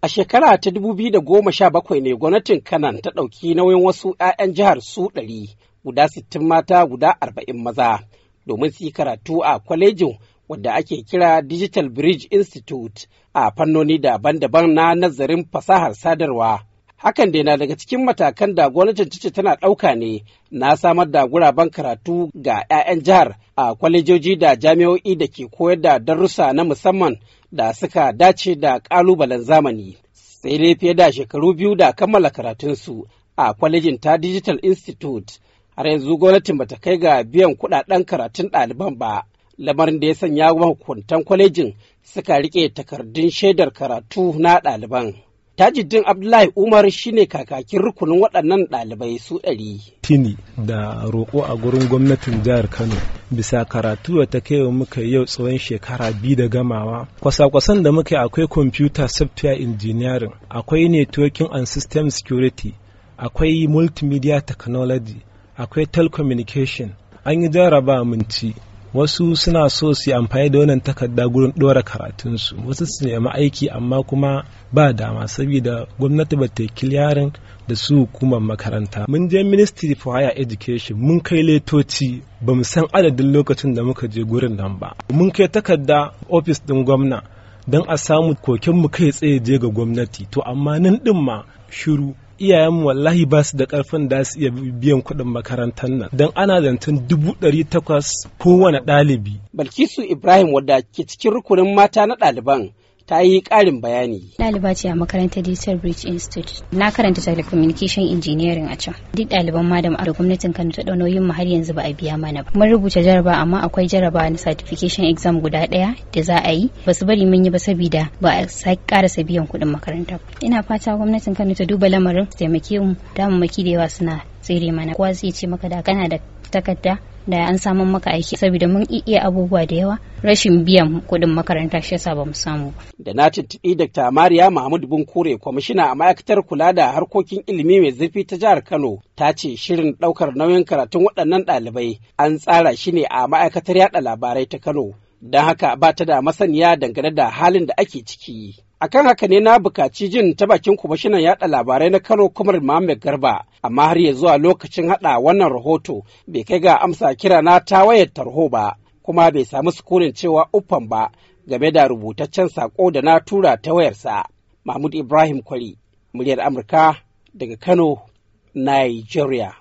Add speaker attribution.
Speaker 1: A shekara ta 2017 ne gwamnatin Kanan ta ɗauki nauyin wasu 'ya'yan jihar su ɗari, guda sittin mata guda arba'in maza, domin su yi karatu a kwalejin wadda ake kira Digital Bridge Institute a fannoni daban-daban na nazarin fasahar sadarwa Hakan dai na daga cikin matakan da gwamnatin ta ce tana ɗauka ne na samar da guraben karatu ga 'ya'yan jihar a kwalejoji da jami'o'i da ke koyar da darussa na musamman da suka dace da ƙalubalen zamani. Sai dai fiye da shekaru biyu da kammala karatunsu a kwalejin ta Digital Institute. Har yanzu gwamnatin bata kai ga biyan kuɗaɗen karatun ɗaliban ba. lamarin da ya sanya mahukuntan kwalejin suka rike takardun shaidar karatu na ɗaliban. tajiddin abdullahi umar shine kakakin rukunin waɗannan ɗalibai su ɗari
Speaker 2: tini da roƙo a gurin gwamnatin jihar kano bisa karatu da ta kai muka yau tsawon shekara biyu da gamawa kwasa-kwasan da muka akwai computer software engineering akwai networking and system security akwai multimedia technology akwai telecommunication an yi jaraba minci wasu suna so su yi amfani da wannan takarda gurin ɗora karatunsu wasu su nemi aiki amma kuma ba dama saboda gwamnati ba ta kiliyarin da su hukumar makaranta mun je ministry for higher education mun kai letoci ba mu san adadin lokacin da muka je gurin nan ba mun kai takarda ofis din gwamna don a samu koken mu kai tsaye je ga gwamnati to amma nan din ma shiru iyayenmu wallahi ba su da karfin da su iya biyan kuɗin makarantar nan don ana zancen dubu ɗari takwas kowane ɗalibi. Balkisu
Speaker 1: Ibrahim wadda ke cikin rukunin mata na ɗaliban ta yi karin bayani.
Speaker 3: Ɗaliba ce a makarantar Digital Bridge Institute. Na karanta telecommunication engineering a can. Duk ɗaliban madam a gwamnatin Kano ta ɗau nauyin mu har yanzu ba a biya mana ba. Mun rubuta jaraba amma akwai jaraba na certification exam guda ɗaya da za a yi. Ba su bari mun yi ba saboda ba a sake ƙarasa biyan kuɗin makaranta. Ina fata gwamnatin Kano ta duba lamarin taimake mu damammaki da yawa suna tsere mana. Kowa zai ce maka da kana da takarda da an samu maka aiki saboda mun iya abubuwa da yawa rashin biyan kuɗin makaranta shi yasa bamu samu
Speaker 1: da na tuntuɓi Dr. Mariya Mahmud Bunkure kwamishina a ma'aikatar kula da harkokin ilimi mai zurfi ta jihar Kano ta ce shirin ɗaukar nauyin karatun waɗannan ɗalibai an tsara shi ne a ma'aikatar yaɗa labarai ta Kano don haka ba ta da masaniya dangane da halin da ake ciki. Akan haka ne na bukaci jin ta bakin kwamishinan yaɗa labarai na Kano Kumar Mahmud Garba amma har ya zuwa lokacin haɗa wannan rahoto bai kai ga amsa kira na ta wayar tarho ba kuma bai samu sukunin cewa uffan ba game da rubutaccen saƙo da na tura ta wayarsa mahmud ibrahim kwari muryar amurka daga kano nigeria